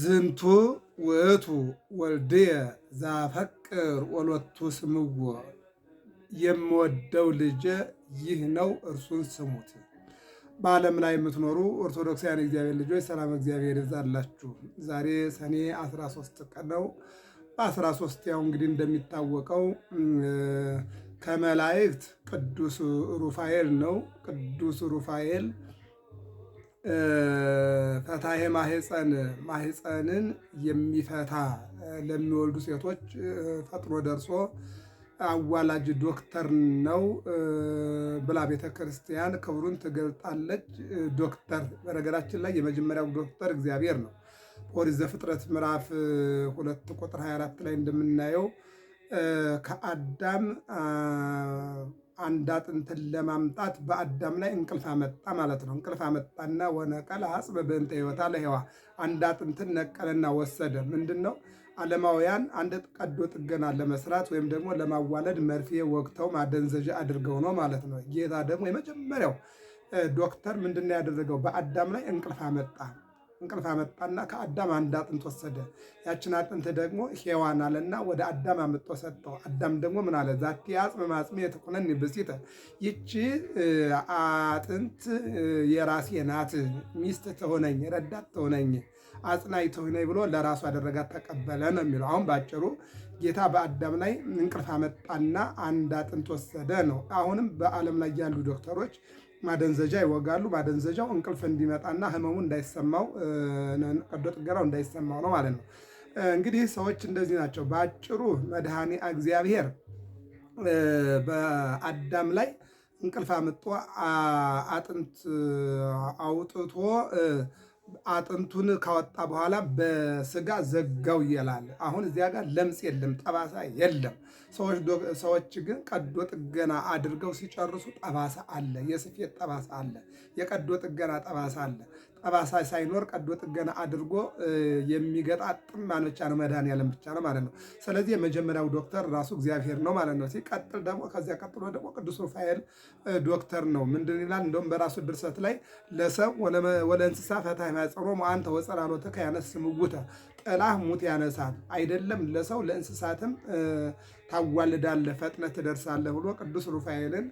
ዝንቱ ውእቱ ወልድየ ዛፈቅር ወሎቱ ስምዎ የምወደው ልጄ ይህ ነው እርሱን ስሙት። በዓለም ላይ የምትኖሩ ኦርቶዶክሳውያን እግዚአብሔር ልጆች ሰላም እግዚአብሔር ይብዛላችሁ። ዛሬ ሰኔ 13 ቀን ነው። በ13 ያው እንግዲህ እንደሚታወቀው ከመላእክት ቅዱስ ሩፋኤል ነው። ቅዱስ ሩፋኤል ፈታሄ ማህፀን ማህፀንን የሚፈታ ለሚወልዱ ሴቶች ፈጥኖ ደርሶ አዋላጅ ዶክተር ነው ብላ ቤተ ክርስቲያን ክብሩን ትገልጣለች። ዶክተር በነገራችን ላይ የመጀመሪያው ዶክተር እግዚአብሔር ነው። ኦሪት ዘፍጥረት ምዕራፍ ሁለት ቁጥር 24 ላይ እንደምናየው ከአዳም አንድ አጥንትን ለማምጣት በአዳም ላይ እንቅልፍ አመጣ ማለት ነው። እንቅልፍ አመጣና ወነቀለ አጽበ በእንተ ሕይወታ ለሔዋ አንድ አጥንትን ነቀለና ወሰደ። ምንድን ነው? ዓለማውያን አንድ ቀዶ ጥገና ለመስራት ወይም ደግሞ ለማዋለድ መርፌ ወቅተው ማደንዘዣ አድርገው ነው ማለት ነው። ጌታ ደግሞ የመጀመሪያው ዶክተር ምንድን ነው ያደረገው? በአዳም ላይ እንቅልፍ አመጣ። እንቅልፍ አመጣና ከአዳም አንድ አጥንት ወሰደ። ያችን አጥንት ደግሞ ሔዋን አለና ወደ አዳም አምጦ ሰጠው። አዳም ደግሞ ምን አለ? ዛቲ አጽም ማጽም የተኮነን ብሲተ ይቺ አጥንት የራሴ ናት፣ ሚስት ትሆነኝ፣ ረዳት ትሆነኝ፣ አጽናይ ትሆነኝ ብሎ ለራሱ አደረጋት፣ ተቀበለ ነው የሚለው። አሁን ባጭሩ ጌታ በአዳም ላይ እንቅልፍ አመጣና አንድ አጥንት ወሰደ ነው። አሁንም በዓለም ላይ ያሉ ዶክተሮች ማደንዘጃ ይወጋሉ። ማደንዘጃው እንቅልፍ እንዲመጣና ህመሙ እንዳይሰማው ቀዶ ጥገናው እንዳይሰማው ነው ማለት ነው። እንግዲህ ሰዎች እንደዚህ ናቸው። በአጭሩ መድኃኔ እግዚአብሔር በአዳም ላይ እንቅልፍ አምጦ አጥንት አውጥቶ አጥንቱን ካወጣ በኋላ በስጋ ዘጋው ይላል። አሁን እዚያ ጋር ለምጽ የለም፣ ጠባሳ የለም። ሰዎች ግን ቀዶ ጥገና አድርገው ሲጨርሱ ጠባሳ አለ፣ የስፌት ጠባሳ አለ፣ የቀዶ ጥገና ጠባሳ አለ። ጠባሳ ሳይኖር ቀዶ ጥገና አድርጎ የሚገጣጥም ማን ብቻ ነው? መድኃኔዓለም ብቻ ነው ማለት ነው። ስለዚህ የመጀመሪያው ዶክተር ራሱ እግዚአብሔር ነው ማለት ነው። ሲቀጥል ደግሞ ከዚያ ቀጥሎ ደግሞ ቅዱስ ሩፋኤል ዶክተር ነው። ምንድን ይላል? እንደውም በራሱ ድርሰት ላይ ለሰው ወለ እንስሳ ፈታ ማጸሮ አንተ ወጸላሎትከ ከያነስ እሙተ ጥላህ ሙት ያነሳል አይደለም ለሰው ለእንስሳትም ታዋልዳለህ፣ ፈጥነት ትደርሳለህ ብሎ ቅዱስ ሩፋኤልን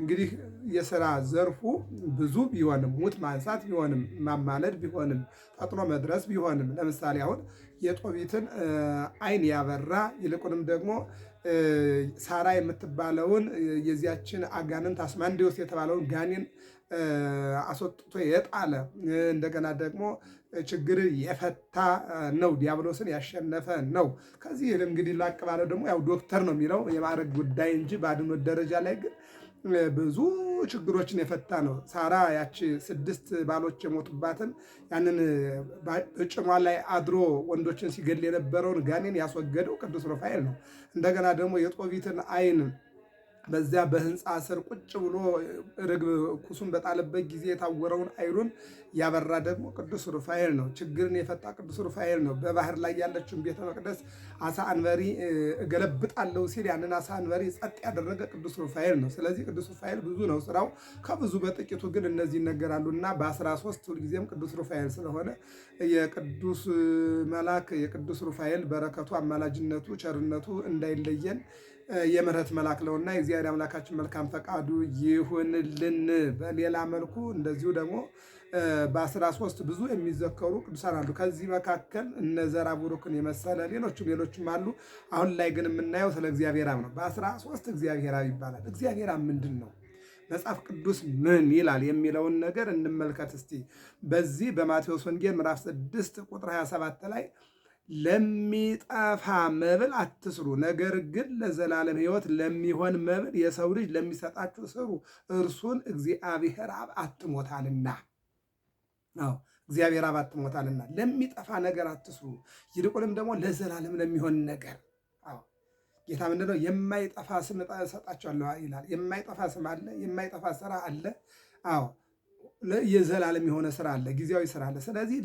እንግዲህ የስራ ዘርፉ ብዙ ቢሆንም ሙት ማንሳት ቢሆንም ማማለድ ቢሆንም ፈጥኖ መድረስ ቢሆንም ለምሳሌ አሁን የጦቢትን አይን ያበራ ይልቁንም ደግሞ ሳራ የምትባለውን የዚያችን አጋንንት አስማንዴዎስ የተባለውን ጋኔን አስወጥቶ የጣለ እንደገና ደግሞ ችግር የፈታ ነው። ዲያብሎስን ያሸነፈ ነው። ከዚህ እንግዲህ ላቅ ባለው ደግሞ ያው ዶክተር ነው የሚለው የማዕረግ ጉዳይ እንጂ በአድኖት ደረጃ ላይ ግን ብዙ ችግሮችን የፈታ ነው። ሳራ ያቺ ስድስት ባሎች የሞቱባትን ያንን በጭኗ ላይ አድሮ ወንዶችን ሲገል የነበረውን ጋኔን ያስወገደው ቅዱስ ሩፋኤል ነው። እንደገና ደግሞ የጦቢትን አይን በዚያ በህንፃ ስር ቁጭ ብሎ ርግብ ኩሱን በጣለበት ጊዜ የታወረውን አይሉን ያበራ ደግሞ ቅዱስ ሩፋኤል ነው። ችግርን የፈታ ቅዱስ ሩፋኤል ነው። በባህር ላይ ያለችውን ቤተ መቅደስ አሳ አንበሪ እገለብጣለሁ ሲል ያንን አሳ አንበሪ ጸጥ ያደረገ ቅዱስ ሩፋኤል ነው። ስለዚህ ቅዱስ ሩፋኤል ብዙ ነው ስራው። ከብዙ በጥቂቱ ግን እነዚህ ይነገራሉ እና በ13 ሁልጊዜም ቅዱስ ሩፋኤል ስለሆነ የቅዱስ መልአክ የቅዱስ ሩፋኤል በረከቱ፣ አማላጅነቱ፣ ቸርነቱ እንዳይለየን የምሕረት መልአክ ነውና የእግዚአብሔር አምላካችን መልካም ፈቃዱ ይሁንልን። በሌላ መልኩ እንደዚሁ ደግሞ በአስራ ሶስት ብዙ የሚዘከሩ ቅዱሳን አሉ። ከዚህ መካከል እነ ዘራ ቡሩክን የመሰለ ሌሎችም ሌሎችም አሉ። አሁን ላይ ግን የምናየው ስለ እግዚአብሔር አብ ነው። በአስራ ሦስት እግዚአብሔር አብ ይባላል። እግዚአብሔር አብ ምንድን ነው? መጽሐፍ ቅዱስ ምን ይላል የሚለውን ነገር እንመልከት እስቲ። በዚህ በማቴዎስ ወንጌል ምዕራፍ 6 ቁጥር 27 ላይ ለሚጠፋ መብል አትስሩ፣ ነገር ግን ለዘላለም ሕይወት ለሚሆን መብል የሰው ልጅ ለሚሰጣችሁ ስሩ፣ እርሱን እግዚአብሔር አብ አትሞታልና። አዎ እግዚአብሔር አብ አትሞታልና፣ ለሚጠፋ ነገር አትስሩ፣ ይልቁንም ደግሞ ለዘላለም ለሚሆን ነገር። አዎ ጌታ ምንድነው የማይጠፋ ስም እሰጣችኋለሁ ይላል። የማይጠፋ ስም አለ፣ የማይጠፋ ስራ አለ። አዎ የዘላለም የሆነ ስራ አለ፣ ጊዜያዊ ስራ አለ። ስለዚህ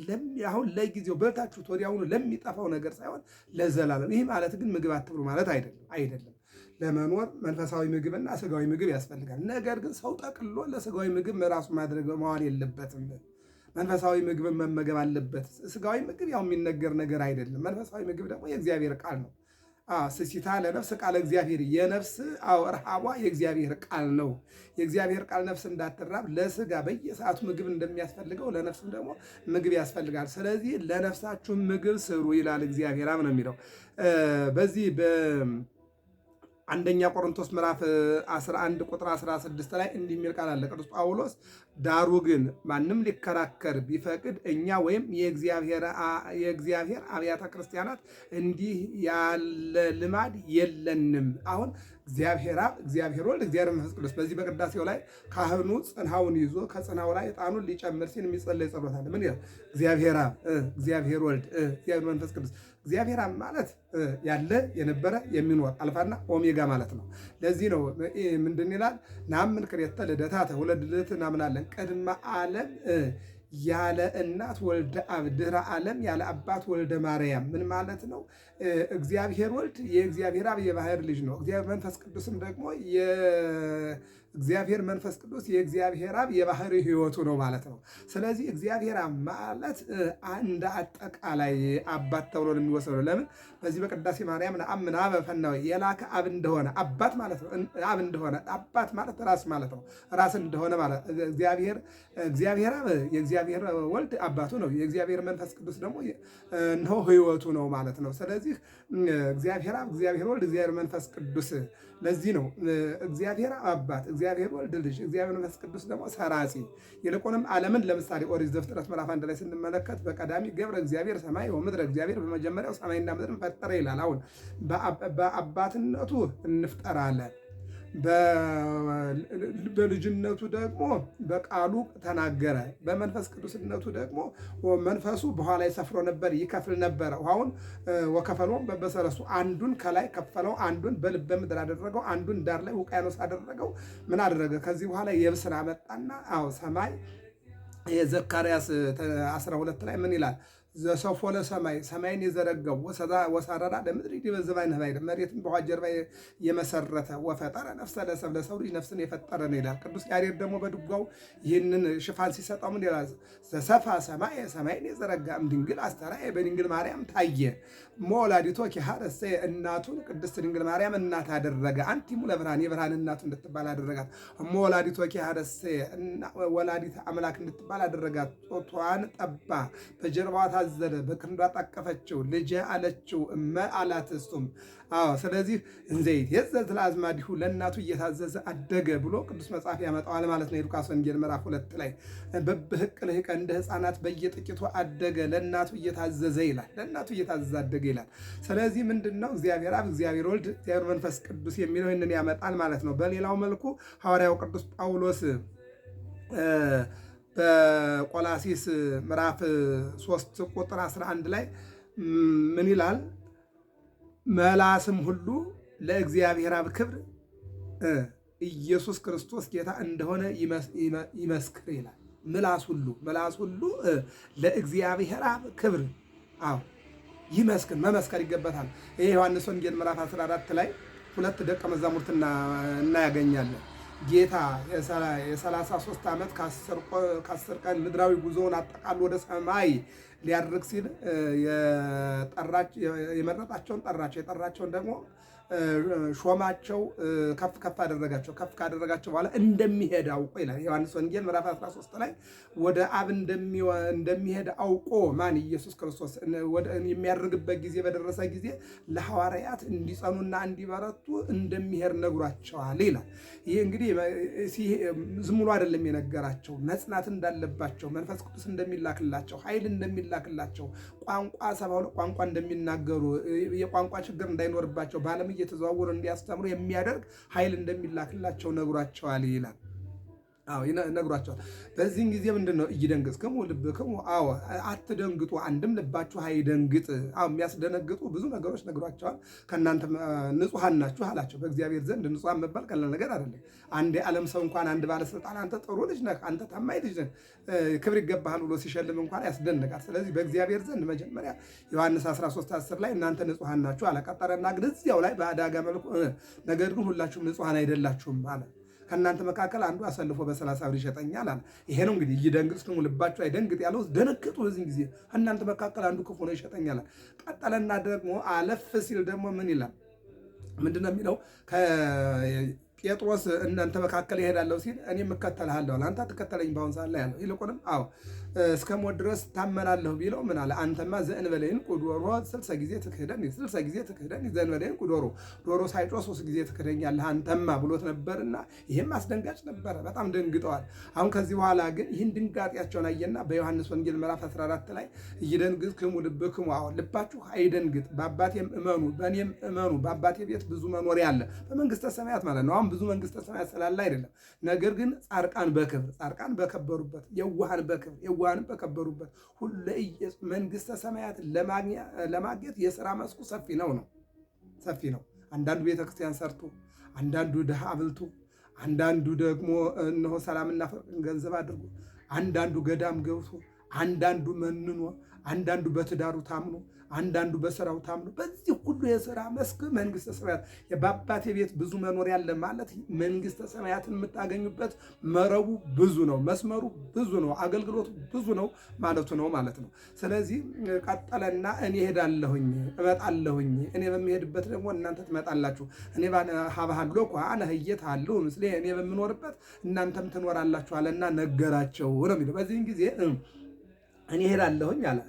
አሁን ለጊዜው በልታችሁት ወዲያውኑ ለሚጠፋው ነገር ሳይሆን ለዘላለም። ይህ ማለት ግን ምግብ አትብሉ ማለት አይደለም አይደለም። ለመኖር መንፈሳዊ ምግብና ስጋዊ ምግብ ያስፈልጋል። ነገር ግን ሰው ጠቅሎ ለስጋዊ ምግብ ራሱ ማድረግ መዋል የለበትም። መንፈሳዊ ምግብ መመገብ አለበት። ስጋዊ ምግብ ያው የሚነገር ነገር አይደለም። መንፈሳዊ ምግብ ደግሞ የእግዚአብሔር ቃል ነው። ስሲታ ለነፍስ ቃለ እግዚአብሔር የነፍስ ረሃቧ የእግዚአብሔር ቃል ነው። የእግዚአብሔር ቃል ነፍስ እንዳትራብ ለስጋ በየሰዓቱ ምግብ እንደሚያስፈልገው ለነፍስም ደግሞ ምግብ ያስፈልጋል። ስለዚህ ለነፍሳችሁ ምግብ ስሩ ይላል እግዚአብሔር አብ ነው የሚለው በዚህ አንደኛ ቆሮንቶስ ምዕራፍ 11 ቁጥር 16 ላይ እንዲህ የሚል ቃል አለ። ቅዱስ ጳውሎስ ዳሩ ግን ማንም ሊከራከር ቢፈቅድ እኛ ወይም የእግዚአብሔር አብያተ ክርስቲያናት እንዲህ ያለ ልማድ የለንም። አሁን እግዚአብሔር አብ፣ እግዚአብሔር ወልድ፣ እግዚአብሔር መንፈስ ቅዱስ በዚህ በቅዳሴው ላይ ካህኑ ጽንሐውን ይዞ ከጽንሐው ላይ ዕጣኑን ሊጨምር ሲል የሚጸለይ ጸሎት አለ። ምን ይላል? እግዚአብሔር አብ፣ እግዚአብሔር ወልድ፣ እግዚአብሔር መንፈስ ቅዱስ እግዚአብሔር ማለት ያለ የነበረ የሚኖር አልፋና ኦሜጋ ማለት ነው። ለዚህ ነው ምንድን ይላል ናምን ክሬተ ልደታተ ሁለት ልደት እናምናለን ቅድመ ዓለም ያለ እናት ወልደ አብ ድህረ ዓለም ያለ አባት ወልደ ማርያም። ምን ማለት ነው? እግዚአብሔር ወልድ የእግዚአብሔር አብ የባህር ልጅ ነው። እግዚአብሔር መንፈስ ቅዱስም ደግሞ እግዚአብሔር መንፈስ ቅዱስ የእግዚአብሔር አብ የባህሪ ህይወቱ ነው ማለት ነው። ስለዚህ እግዚአብሔር አብ ማለት እንደ አጠቃላይ አባት ተብሎ ነው የሚወሰደው። ለምን በዚህ በቅዳሴ ማርያም ምን አበ የላከ አብ እንደሆነ አባት ማለት ነው። አብ እንደሆነ አባት ማለት ራስ ማለት ነው። ራስ እንደሆነ ማለት እግዚአብሔር እግዚአብሔር አብ የእግዚአብሔር ወልድ አባቱ ነው። የእግዚአብሔር መንፈስ ቅዱስ ደግሞ እንሆ ህይወቱ ነው ማለት ነው። ስለዚህ እግዚአብሔር አብ፣ እግዚአብሔር ወልድ፣ እግዚአብሔር መንፈስ ቅዱስ ለዚህ ነው እግዚአብሔር አባት እግዚአብሔር ወልድ ልጅ፣ እግዚአብሔር መንፈስ ቅዱስ ደግሞ ሰራጺ። ይልቁንም ዓለምን ለምሳሌ ኦሪት ዘፍጥረት ምዕራፍ አንድ ላይ ስንመለከት በቀዳሚ ገብረ እግዚአብሔር ሰማይ ወምድረ፣ እግዚአብሔር በመጀመሪያው ሰማይና ምድርን ፈጠረ ይላል። አሁን በአባትነቱ እንፍጠራለን በልጅነቱ ደግሞ በቃሉ ተናገረ። በመንፈስ ቅዱስነቱ ደግሞ መንፈሱ በኋላ ሰፍሮ ነበር፣ ይከፍል ነበረ። ውሃውን ወከፈሎም በበሰረሱ አንዱን ከላይ ከፈለው፣ አንዱን በልበ ምድር አደረገው፣ አንዱን ዳር ላይ ውቅያኖስ አደረገው። ምን አደረገ? ከዚህ በኋላ የብስን አመጣና አዎ ሰማይ የዘካርያስ 12 ላይ ምን ይላል? ዘሰፎ ለሰማይ ሰማይን የዘረገው ወሳረራ ለምድር በዘባይነ ባይደ መሬትን በውሃ ጀርባ የመሰረተ ወፈጠረ ነፍሰ ለሰብ ለሰው ልጅ ነፍስን የፈጠረ ነው ይላል። ቅዱስ ያሬድ ደግሞ በድጓው ይህንን ሽፋን ሲሰጠው ምን ይላል? ዘሰፋ ሰማይ ሰማይን የዘረጋ እምድንግል አስተራየ በድንግል ማርያም ታየ መወላዲቶ ኪሃረሰ እናቱን ቅድስት ድንግል ማርያም እናት አደረገ። አንቲሙ ለብርሃን የብርሃን እናቱ እንድትባል አደረጋት። መወላዲቶ ኪሃረሰ ወላዲት አምላክ እንድትባል አደረጋት። ጦቷን ጠባ በጀርባዋ አዘለ፣ በክንዷ ጠቀፈችው ልጄ አለችው እመ አላት እሱም አዎ። ስለዚህ እንዘይት የዘዝ ለአዝማዲሁ ለእናቱ እየታዘዘ አደገ ብሎ ቅዱስ መጽሐፍ ያመጣዋል ማለት ነው። የሉቃስ ወንጌል ምዕራፍ ሁለት ላይ በብህቅ ልህቀ እንደ ህፃናት በየጥቂቱ አደገ ለእናቱ እየታዘዘ ይላል። ለእናቱ እየታዘዘ አደገ ይላል። ስለዚህ ምንድን ነው እግዚአብሔር አብ፣ እግዚአብሔር ወልድ፣ እግዚአብሔር መንፈስ ቅዱስ የሚለው ይህንን ያመጣል ማለት ነው። በሌላው መልኩ ሐዋርያው ቅዱስ ጳውሎስ በቆላሲስ ምዕራፍ 3 ቁጥር 11 ላይ ምን ይላል? መላስም ሁሉ ለእግዚአብሔር አብ ክብር ኢየሱስ ክርስቶስ ጌታ እንደሆነ ይመስክር ይላል። ምላስ ሁሉ ምላስ ሁሉ ለእግዚአብሔር አብ ክብር አዎ ይመስክን መመስከር ይገበታል። ይህ ዮሐንስ ወንጌል ምዕራፍ 14 ላይ ሁለት ደቀ መዛሙርት እናያገኛለን። ጌታ የሰላሳ ሶስት ዓመት ከአስር ቀን ምድራዊ ጉዞውን አጠቃሎ ወደ ሰማይ ሊያድርግ ሲል የመረጣቸውን ጠራቸው፣ የጠራቸውን ደግሞ ሾማቸው፣ ከፍ ከፍ አደረጋቸው። ከፍ ካደረጋቸው በኋላ እንደሚሄድ አውቆ ይላል ዮሐንስ ወንጌል ምዕራፍ 13 ላይ ወደ አብ እንደሚሄድ አውቆ ማን ኢየሱስ ክርስቶስ የሚያደርግበት ጊዜ በደረሰ ጊዜ ለሐዋርያት እንዲጸኑና እንዲበረቱ እንደሚሄድ ነግሯቸዋል ይላል። ይህ እንግዲህ ዝም ብሎ አይደለም የነገራቸው መጽናት እንዳለባቸው መንፈስ ቅዱስ እንደሚላክላቸው ኃይል እንደሚላክላቸው ቋንቋ ሰባ ሁለት ቋንቋ እንደሚናገሩ የቋንቋ ችግር እንዳይኖርባቸው በዓለም እየተዘዋወሩ እንዲያስተምሩ የሚያደርግ ኃይል እንደሚላክላቸው ነግሯቸዋል ይላል። ይነግሯቸዋል። በዚህን ጊዜ ምንድን ነው ልብ ከሞ አዎ አትደንግጡ፣ አንድም ልባችሁ አይደንግጥ። አዎ የሚያስደነግጡ ብዙ ነገሮች ነግሯቸዋል። ከእናንተ ንጹሐን ናችሁ አላቸው። በእግዚአብሔር ዘንድ ንጹሐን መባል ቀላል ነገር አይደለም። አንድ የዓለም ሰው እንኳን አንድ ባለስልጣን አንተ ጥሩ ልጅ ነህ፣ አንተ ታማኝ ልጅ ነህ፣ ክብር ይገባሃል ብሎ ሲሸልም እንኳን ያስደንቃል። ስለዚህ በእግዚአብሔር ዘንድ መጀመሪያ ዮሐንስ 13 10 ላይ እናንተ ንጹሐን ናችሁ አላቀጠረና፣ ግን እዚያው ላይ በአዳጋ መልኩ ነገር ግን ሁላችሁም ንጹሐን አይደላችሁም አለ። ከእናንተ መካከል አንዱ አሰልፎ በሰላሳ ብር ይሸጠኛል አለ። ይሄ ነው እንግዲህ ይደንግጥ ስሙ ልባቸው አይደንግጥ ያለው ደነገጡ። በዚህ ጊዜ ከእናንተ መካከል አንዱ ክፉ ነው ይሸጠኛል። ቀጠለና ደግሞ አለፍ ሲል ደግሞ ምን ይላል? ምንድን ነው የሚለው? ጴጥሮስ እናንተ መካከል ይሄዳለሁ ሲል እኔ እከተልሃለሁ አንተ ትከተለኝ በአሁን ሰዓት ላይ ያለው ይልቁንም አዎ እስከ ሞት ድረስ ታመናለሁ ቢለው ምን አለ? አንተማ ዘእንበለይን ቁዶሮ ስልሰ ጊዜ ትክህደን ስልሰ ጊዜ ትክህደን ዘእንበለይን ቁዶሮ ዶሮ ሳይጮ ሶስት ጊዜ ትክደኛለህ አንተማ ብሎት ነበርና ይህም አስደንጋጭ ነበረ። በጣም ደንግጠዋል። አሁን ከዚህ በኋላ ግን ይህን ድንጋጤያቸውን አየና በዮሐንስ ወንጌል ምዕራፍ 14 ላይ እይደንግጥ ክሙ ልብክሙ፣ አሁን ልባችሁ አይደንግጥ፣ በአባቴም እመኑ፣ በእኔም እመኑ። በአባቴ ቤት ብዙ መኖሪያ አለ፣ በመንግስተ ሰማያት ማለት ነው። አሁን ብዙ መንግስተ ሰማያት ስላለ አይደለም፣ ነገር ግን ጻርቃን በክብር ጻርቃን በከበሩበት የዋሃን በክብር ሥጋዋንም በከበሩበት ሁሉ መንግስተ ሰማያት ለማግኘት የሥራ መስኩ ሰፊ ነው ነው ሰፊ ነው። አንዳንዱ ቤተክርስቲያን ሰርቶ፣ አንዳንዱ ድሃ አብልቶ፣ አንዳንዱ ደግሞ እነሆ ሰላምና ፍቅርን ገንዘብ አድርጎ፣ አንዳንዱ ገዳም ገብቶ፣ አንዳንዱ መንኖ፣ አንዳንዱ በትዳሩ ታምኖ አንዳንዱ በስራው ታምኖ በዚህ ሁሉ የስራ መስክ መንግስተ ሰማያት በአባቴ ቤት ብዙ መኖር ያለ ማለት መንግስተ ሰማያትን የምታገኙበት መረቡ ብዙ ነው፣ መስመሩ ብዙ ነው፣ አገልግሎቱ ብዙ ነው ማለቱ ነው ማለት ነው። ስለዚህ ቀጠለና እኔ ሄዳለሁኝ እመጣለሁኝ፣ እኔ በሚሄድበት ደግሞ እናንተ ትመጣላችሁ። እኔ ሀብሃሎ አለ ህየት አለሁ ምስሌ እኔ በምኖርበት እናንተም ትኖራላችኋለና ነገራቸው ነው የሚለው በዚህን ጊዜ እኔ እሄዳለሁኝ አለ።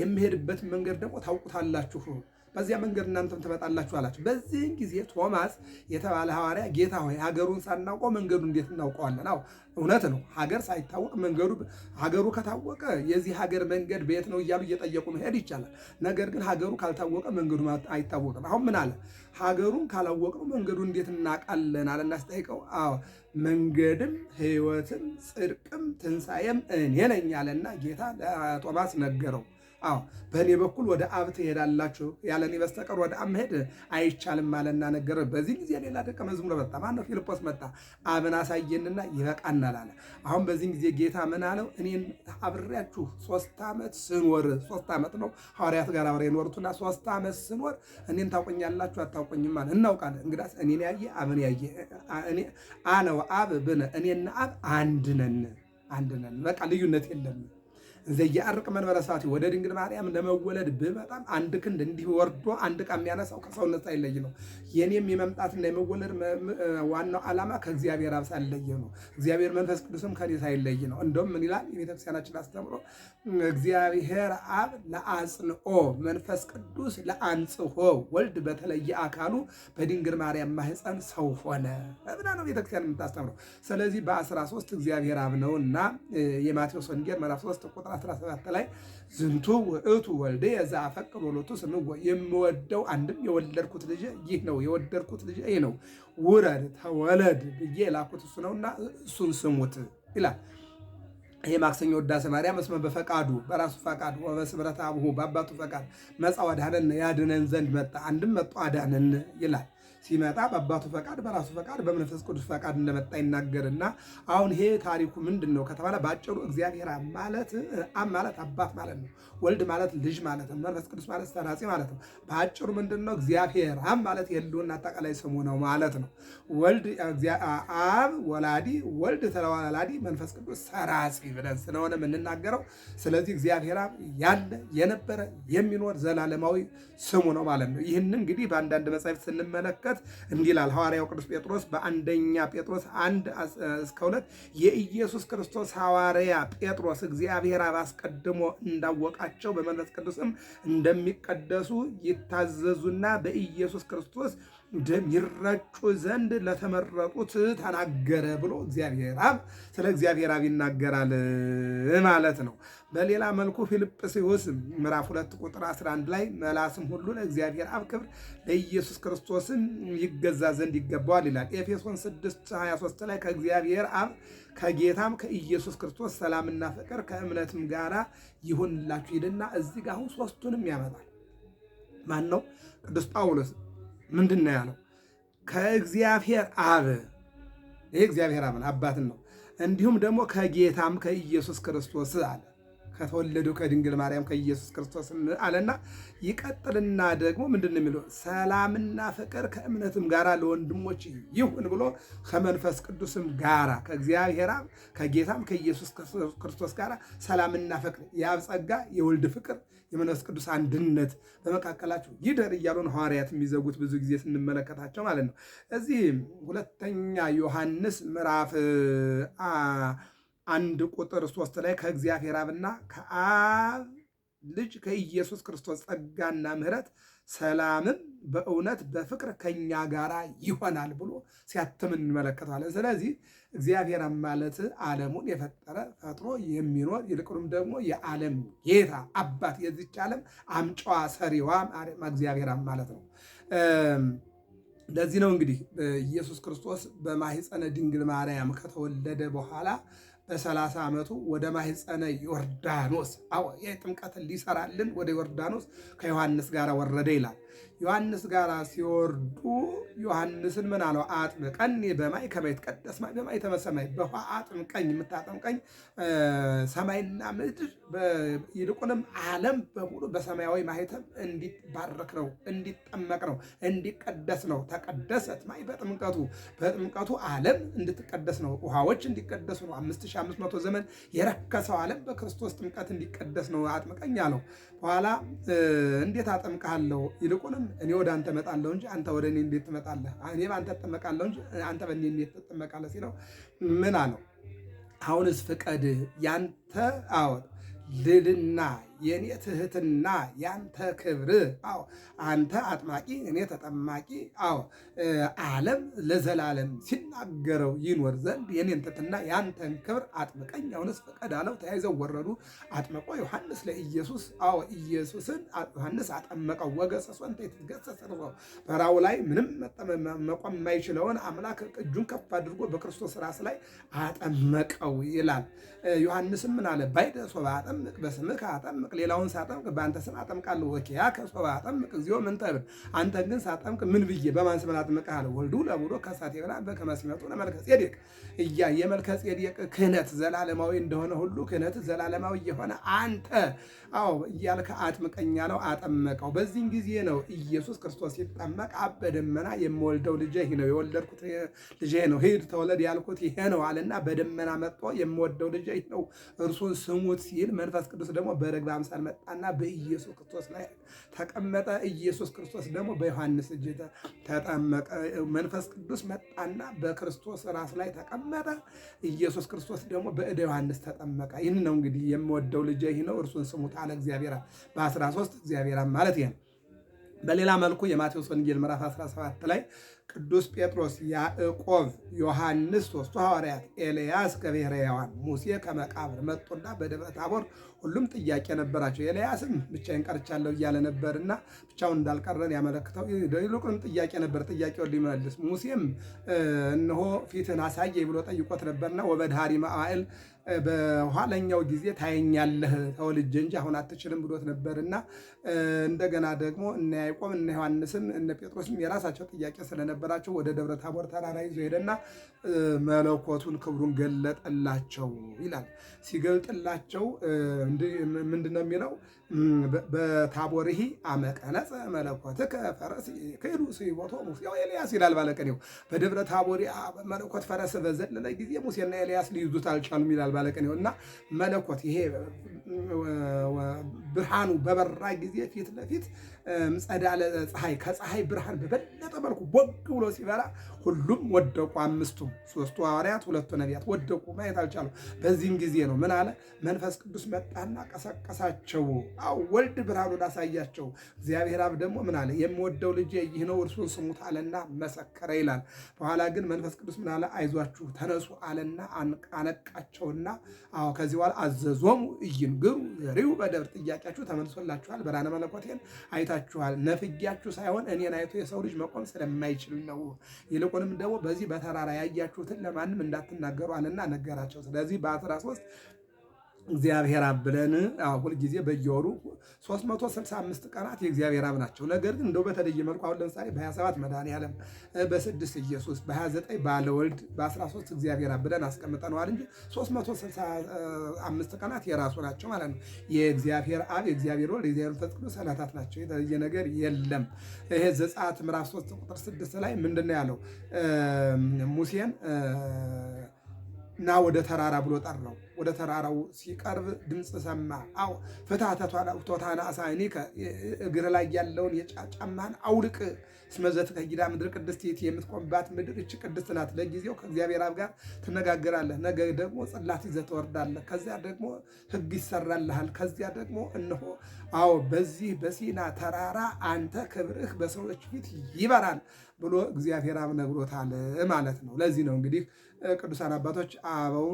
የምሄድበት መንገድ ደግሞ ታውቁታላችሁ በዚያ መንገድ እናንተም ትመጣላችሁ አላቸው። በዚህን ጊዜ ቶማስ የተባለ ሐዋርያ ጌታ ሆይ ሀገሩን ሳናውቀው መንገዱ እንዴት እናውቀዋለን? አዎ እውነት ነው። ሀገር ሳይታወቅ መንገዱ ሀገሩ ከታወቀ የዚህ ሀገር መንገድ ቤት ነው እያሉ እየጠየቁ መሄድ ይቻላል። ነገር ግን ሀገሩ ካልታወቀ መንገዱ አይታወቅም። አሁን ምን አለ? ሀገሩን ካላወቅነው መንገዱ እንዴት እናውቃለን? አለ እናስጠይቀው። አዎ መንገድም ህይወትም ጽድቅም ትንሣኤም እኔ ነኝ አለና ጌታ ለቶማስ ነገረው። አዎ በእኔ በኩል ወደ አብ ትሄዳላችሁ፣ ያለኔ በስተቀር ወደ አብ መሄድ አይቻልም አለና ነገር። በዚህ ጊዜ ሌላ ደቀ መዝሙር መጣ። ነው? ፊልጶስ መጣ። አብን አሳየንና ይበቃናል አለ። አሁን በዚህ ጊዜ ጌታ ምን አለው? እኔን አብሬያችሁ ሶስት ዓመት ስኖር፣ ሶስት ዓመት ነው ሐዋርያት ጋር አብሬ ኖርቱና፣ ሶስት ዓመት ስኖር እኔን ታውቆኛላችሁ አታውቆኝም አለ። እናውቃለን እንግዳስ እኔን ያየ አብን ያየ አለው። አብ ብነ፣ እኔና አብ አንድ ነን፣ አንድ ነን። በቃ ልዩነት የለም። ዘያርቅ መንበረ ሰዓት ወደ ድንግል ማርያም ለመወለድ ብመጣም አንድ ክንድ እንዲህ ወርዶ አንድ ዕቃ የሚያነሳው ከሰውነት ሳይለይ ነው። የኔም የመምጣትና የመወለድ ዋናው ዓላማ ከእግዚአብሔር አብ ሳይለይ ነው። እግዚአብሔር መንፈስ ቅዱስም ከኔ ሳይለይ ነው። እንደውም ምን ይላል የቤተክርስቲያናችን አስተምሮ? እግዚአብሔር አብ ለአጽንኦ መንፈስ ቅዱስ ለአንጽሆ ወልድ በተለየ አካሉ በድንግል ማርያም ማህፀን ሰው ሆነ ብላ ነው ቤተክርስቲያን የምታስተምረው። ስለዚህ በ13 እግዚአብሔር አብ ነውና የማቴዎስ ወንጌል ምዕራፍ 3 ቁጥር 17 ላይ ዝንቱ ውእቱ የዛ ዘአፈቅር ወሎቱ ስምዎ፣ የምወደው አንድም የወለድኩት ልጅ ይህ ነው፣ የወደድኩት ልጅ ይህ ነው፣ ውረድ ተወለድ ብዬ የላኩት እሱ ነውና እሱን ስሙት ይላል። ይሄ ማክሰኞ ወዳሴ ማርያም እስመ በፈቃዱ በራሱ ፈቃድ ወበስብረት አቡሁ በአባቱ ፈቃድ መጻ ወዳህነን ያድነን ዘንድ መጣ፣ አንድም መጡ አዳነን ይላል። ሲመጣ በአባቱ ፈቃድ በራሱ ፈቃድ በመንፈስ ቅዱስ ፈቃድ እንደመጣ ይናገርና አሁን ይሄ ታሪኩ ምንድን ነው ከተባለ በአጭሩ እግዚአብሔር ማለት አብ ማለት አባት ማለት ነው። ወልድ ማለት ልጅ ማለት ነው። መንፈስ ቅዱስ ማለት ሰራጺ ማለት ነው። በአጭሩ ምንድን ነው እግዚአብሔር አብ ማለት የሕልውና አጠቃላይ ስሙ ነው ማለት ነው። ወልድ አብ ወላዲ፣ ወልድ ተወላዲ፣ መንፈስ ቅዱስ ሰራጺ ብለን ስለሆነ የምንናገረው ስለዚህ እግዚአብሔር አብ ያለ የነበረ የሚኖር ዘላለማዊ ስሙ ነው ማለት ነው። ይህን እንግዲህ በአንዳንድ መጽሐፍ ስንመለከት መሰረት እንዲህ ይላል ሐዋርያው ቅዱስ ጴጥሮስ በአንደኛ ጴጥሮስ አንድ እስከ ሁለት የኢየሱስ ክርስቶስ ሐዋርያ ጴጥሮስ እግዚአብሔር አብ አስቀድሞ እንዳወቃቸው በመንፈስ ቅዱስም እንደሚቀደሱ ይታዘዙና በኢየሱስ ክርስቶስ ይረጩ ዘንድ ለተመረጡት ተናገረ ብሎ እግዚአብሔር አብ ስለ እግዚአብሔር አብ ይናገራል ማለት ነው። በሌላ መልኩ ፊልጵስዩስ ምዕራፍ ሁለት ቁጥር 11 ላይ መላስም ሁሉ ለእግዚአብሔር አብ ክብር ለኢየሱስ ክርስቶስም ይገዛ ዘንድ ይገባዋል ይላል። ኤፌሶን 6 23 ላይ ከእግዚአብሔር አብ ከጌታም ከኢየሱስ ክርስቶስ ሰላምና ፍቅር ከእምነትም ጋራ ይሁንላችሁ ይልና እዚህ ጋር አሁን ሶስቱንም ያመጣል። ማን ነው? ቅዱስ ጳውሎስ ምንድን ነው ያለው? ከእግዚአብሔር አብ ይህ እግዚአብሔር አብ አባትን ነው። እንዲሁም ደግሞ ከጌታም ከኢየሱስ ክርስቶስ አለ ከተወለደው ከድንግል ማርያም ከኢየሱስ ክርስቶስ አለና ይቀጥልና ደግሞ ምንድን ነው የሚለው? ሰላምና ፍቅር ከእምነትም ጋር ለወንድሞች ይሁን ብሎ ከመንፈስ ቅዱስም ጋራ ከእግዚአብሔር ከጌታም ከኢየሱስ ክርስቶስ ጋር ሰላምና ፍቅር የአብ ጸጋ የወልድ ፍቅር የመንፈስ ቅዱስ አንድነት በመካከላቸው ይደር እያሉን ሐዋርያት የሚዘጉት ብዙ ጊዜ ስንመለከታቸው ማለት ነው። እዚህ ሁለተኛ ዮሐንስ ምዕራፍ አንድ ቁጥር ሶስት ላይ ከእግዚአብሔር አብና ከአብ ልጅ ከኢየሱስ ክርስቶስ ጸጋና ምሕረት ሰላምም በእውነት በፍቅር ከኛ ጋራ ይሆናል ብሎ ሲያትም እንመለከተዋለን። ስለዚህ እግዚአብሔር ማለት ዓለሙን የፈጠረ ፈጥሮ የሚኖር ይልቁንም ደግሞ የዓለም ጌታ አባት የዚች ዓለም አምጫዋ ሰሪዋ እግዚአብሔር ማለት ነው። ለዚህ ነው እንግዲህ ኢየሱስ ክርስቶስ በማኅፀነ ድንግል ማርያም ከተወለደ በኋላ በሰላሳ ዓመቱ ወደ ማህፀነ ዮርዳኖስ አዎ ይህ ጥምቀትን ሊሰራልን ወደ ዮርዳኖስ ከዮሐንስ ጋር ወረደ ይላል። ዮሐንስ ጋር ሲወርዱ ዮሐንስን ምን አለው? አጥምቀኒ በማይ ከመ ይትቀደስ ማይ በማይ ተመሰማይ በውሃ አጥምቀኝ፣ የምታጠምቀኝ ሰማይና ምድር ይልቁንም ዓለም በሙሉ በሰማያዊ ማህተም እንዲባረክ ነው፣ እንዲጠመቅ ነው፣ እንዲቀደስ ነው። ተቀደሰት ማይ በጥምቀቱ በጥምቀቱ ዓለም እንድትቀደስ ነው። ውሃዎች እንዲቀደሱ ነው። 5500 ዘመን የረከሰው ዓለም በክርስቶስ ጥምቀት እንዲቀደስ ነው። አጥምቀኝ አለው። በኋላ እንዴት አጠምቀሃለሁ? ይልቁ ይልቁንም እኔ ወደ አንተ እመጣለሁ እንጂ አንተ ወደ እኔ እንዴት ትመጣለህ? እኔ በአንተ እጠመቃለሁ እንጂ አንተ በእኔ እንዴት ትጠመቃለህ? ሲለው ምን አለው? አሁንስ ፍቀድ ያንተ አዎ ልልና የእኔ ትህትና ያንተ ክብር። አዎ አንተ አጥማቂ እኔ ተጠማቂ። አዎ ዓለም ለዘላለም ሲናገረው ይኖር ዘንድ የኔን ትህትና ያንተን ክብር አጥምቀኝ፣ አሁንስ ፍቀድ አለው። ተያይዘው ወረዱ። አጥመቆ ዮሐንስ ለኢየሱስ አዎ ኢየሱስን ዮሐንስ አጠመቀው። ወገሰሶ እንተ ይትገሰጽ ርሶ በራው ላይ ምንም መቆም የማይችለውን አምላክ እጁን ከፍ አድርጎ በክርስቶስ ራስ ላይ አጠመቀው ይላል። ዮሐንስም ምን አለ? ባይደሶ በአጠምቅ በስምከ አጠምቅ ሳጠምቅ ሌላውን ሳጠምቅ በአንተ ስም አጠምቃለሁ። ወኪያ ከሶባ አጠምቅ እግዚኦ ምን ተብል አንተ ግን ሳጠምቅ ምን ብዬ በማን ስም ላጥምቅሃለሁ? ወልዱ ለሙዶ ከሳቴ ብላ በከመ ሲመጡ ለመልከ ጼዴቅ እያ መልከ ጼዴቅ ክህነት ዘላለማዊ እንደሆነ ሁሉ ክህነት ዘላለማዊ የሆነ አንተ አዎ እያልከ አጥምቀኝ አለው። አጠመቀው። በዚህን ጊዜ ነው ኢየሱስ ክርስቶስ ሲጠመቅ አብ በደመና የምወልደው ልጄ ነው የወለድኩት ልጄ ነው ሂድ ተወለድ ያልኩት ይሄ ነው አለና በደመና መጥቶ የምወደው ልጄ ነው እርሱን ስሙት ሲል መንፈስ ቅዱስ ደግሞ በረግባ አምሳል መጣና በኢየሱስ ክርስቶስ ላይ ተቀመጠ። ኢየሱስ ክርስቶስ ደግሞ በዮሐንስ እጅ ተጠመቀ። መንፈስ ቅዱስ መጣና በክርስቶስ ራስ ላይ ተቀመጠ። ኢየሱስ ክርስቶስ ደግሞ በእደ ዮሐንስ ተጠመቀ። ይህን ነው እንግዲህ የምወደው ልጄ ይህ ነው፣ እርሱን ስሙት አለ እግዚአብሔር። በ13 እግዚአብሔር ማለት ይሄ ነው። በሌላ መልኩ የማቴዎስ ወንጌል ምዕራፍ 17 ላይ ቅዱስ ጴጥሮስ፣ ያዕቆብ፣ ዮሐንስ ሶስቱ ሐዋርያት፣ ኤልያስ ከብሔረ ሕያዋን፣ ሙሴ ከመቃብር መጡና በደብረ ታቦር ሁሉም ጥያቄ ነበራቸው። ኤልያስም ብቻዬን ቀርቻለሁ እያለ ነበርና ብቻውን እንዳልቀረን ያመለክተው ይልቁንም ጥያቄ ነበር፣ ጥያቄውን ሊመልስ ሙሴም እነሆ ፊትን አሳየ ብሎ ጠይቆት ነበርና ወበድሃሪ መዋዕል በኋለኛው ጊዜ ታየኛለህ ተወልጄ እንጂ አሁን አትችልም ብሎት ነበር እና እንደገና ደግሞ እነ ያዕቆብ እነ ዮሐንስም እነ ጴጥሮስም የራሳቸው ጥያቄ ስለነበራቸው ወደ ደብረ ታቦር ተራራ ይዞ ሄደና መለኮቱን ክብሩን ገለጠላቸው ይላል። ሲገልጥላቸው ምንድነው የሚለው? በታቦርሂ አመቀነፀ መለኮትከ ፈረስ ከሄዱ ሲቦቶ ሙሴ ኤልያስ ይላል ባለቅኔው። በደብረ ታቦሪ መለኮት ፈረስ በዘለለ ጊዜ ሙሴና ኤልያስ ሊይዙት አልቻሉም ይላል ባለቅኔው። እና መለኮት ይሄ ብርሃኑ በበራ ጊዜ ፊት ለፊት ምጸዳለ ፀሐይ ከፀሐይ ብርሃን በበለጠ መልኩ ቦግ ብሎ ሲበራ ሁሉም ወደቁ። አምስቱም ሶስቱ ሐዋርያት ሁለቱ ነቢያት ወደቁ፣ ማየት አልቻሉ። በዚህም ጊዜ ነው ምን አለ መንፈስ ቅዱስ መጣና ቀሰቀሳቸው አወልድ ወልድ ብርሃኑን አሳያቸው። እግዚአብሔር አብ ደግሞ ምን አለ? የምወደው ልጅ ይህ ነው እርሱን ስሙት አለና መሰከረ ይላል። በኋላ ግን መንፈስ ቅዱስ ምን አለ? አይዟችሁ ተነሱ አለና አነቃቸውና፣ አዎ ከዚህ በኋላ አዘዞሙ እይንግሩ ዘርኡ በደብር ጥያቄያችሁ ተመልሶላችኋል፣ ብርሃነ መለኮቴን አይታችኋል። ነፍጊያችሁ ሳይሆን እኔን አይቶ የሰው ልጅ መቆም ስለማይችል ነው። ይልቁንም ደግሞ በዚህ በተራራ ያያችሁትን ለማንም እንዳትናገሩ አለና ነገራቸው። ስለዚህ በ13 እግዚአብሔር አብ ብለን ሁልጊዜ በየወሩ 365 ቀናት የእግዚአብሔር አብ ናቸው። ነገር ግን እንደው በተለየ መልኩ አሁን ለምሳሌ በ27 መድኃኔዓለም፣ በ6 ኢየሱስ፣ በ29 ባለወልድ፣ በ13 እግዚአብሔር አብ ብለን አስቀምጠነዋል እንጂ 365 ቀናት የራሱ ናቸው ማለት ነው። የእግዚአብሔር አብ፣ የእግዚአብሔር ወልድ፣ የእግዚአብሔር መንፈስ ሰላታት ናቸው። የተለየ ነገር የለም። ይሄ ዘጸአት ምዕራፍ 3 ቁጥር 6 ላይ ምንድን ነው ያለው ሙሴን ና ወደ ተራራ ብሎ ጠራው። ወደ ተራራው ሲቀርብ ድምፅ ሰማ። አው ፍታተቶታና አሳኒከ እግር ላይ ያለውን የጫጫማን አውልቅ። ስመዘት ከጊዳ ምድር ቅድስት የምትቆምባት ምድር እች ቅድስት ናት። ለጊዜው ከእግዚአብሔር አብ ጋር ትነጋገራለህ። ነገ ደግሞ ጽላት ይዘህ ትወርዳለህ። ከዚያ ደግሞ ህግ ይሰራልሃል። ከዚያ ደግሞ እነሆ አዎ በዚህ በሲና ተራራ አንተ ክብርህ በሰዎች ፊት ይበራል ብሎ እግዚአብሔር አብ ነግሮታል ማለት ነው። ለዚህ ነው እንግዲህ ቅዱሳን አባቶች አበው፣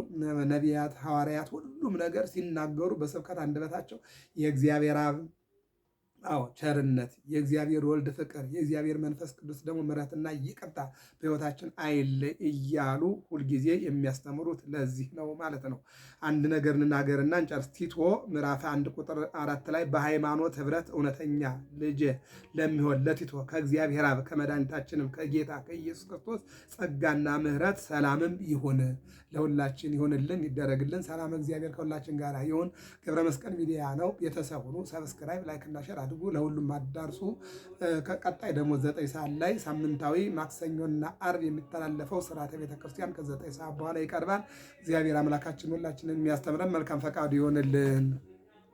ነቢያት፣ ሐዋርያት ሁሉም ነገር ሲናገሩ በስብከት አንደበታቸው የእግዚአብሔር አብ አዎ ቸርነት፣ የእግዚአብሔር ወልድ ፍቅር፣ የእግዚአብሔር መንፈስ ቅዱስ ደግሞ ምሕረትና ይቅርታ በሕይወታችን አይለ እያሉ ሁልጊዜ የሚያስተምሩት ለዚህ ነው ማለት ነው። አንድ ነገር እንናገርና እንጨርስ። ቲቶ ምዕራፍ አንድ ቁጥር አራት ላይ በሃይማኖት ህብረት እውነተኛ ልጅ ለሚሆን ለቲቶ ከእግዚአብሔር አብ ከመድኃኒታችንም ከጌታ ከኢየሱስ ክርስቶስ ጸጋና ምሕረት ሰላምም ይሁን ለሁላችን ይሁንልን፣ ይደረግልን። ሰላም እግዚአብሔር ከሁላችን ጋር ይሁን። ገብረ መስቀል ሚዲያ ነው ቤተሰብ ሁኑ። ሰብስክራይብ፣ ላይክና ሸር አድርጉ፣ ለሁሉም አዳርሱ። ከቀጣይ ደግሞ ዘጠኝ ሰዓት ላይ ሳምንታዊ ማክሰኞና አርብ የሚተላለፈው ስርዓተ ቤተክርስቲያን ከዘጠኝ ሰዓት በኋላ ይቀርባል። እግዚአብሔር አምላካችን ሁላችንን የሚያስተምረን መልካም ፈቃዱ ይሆንልን።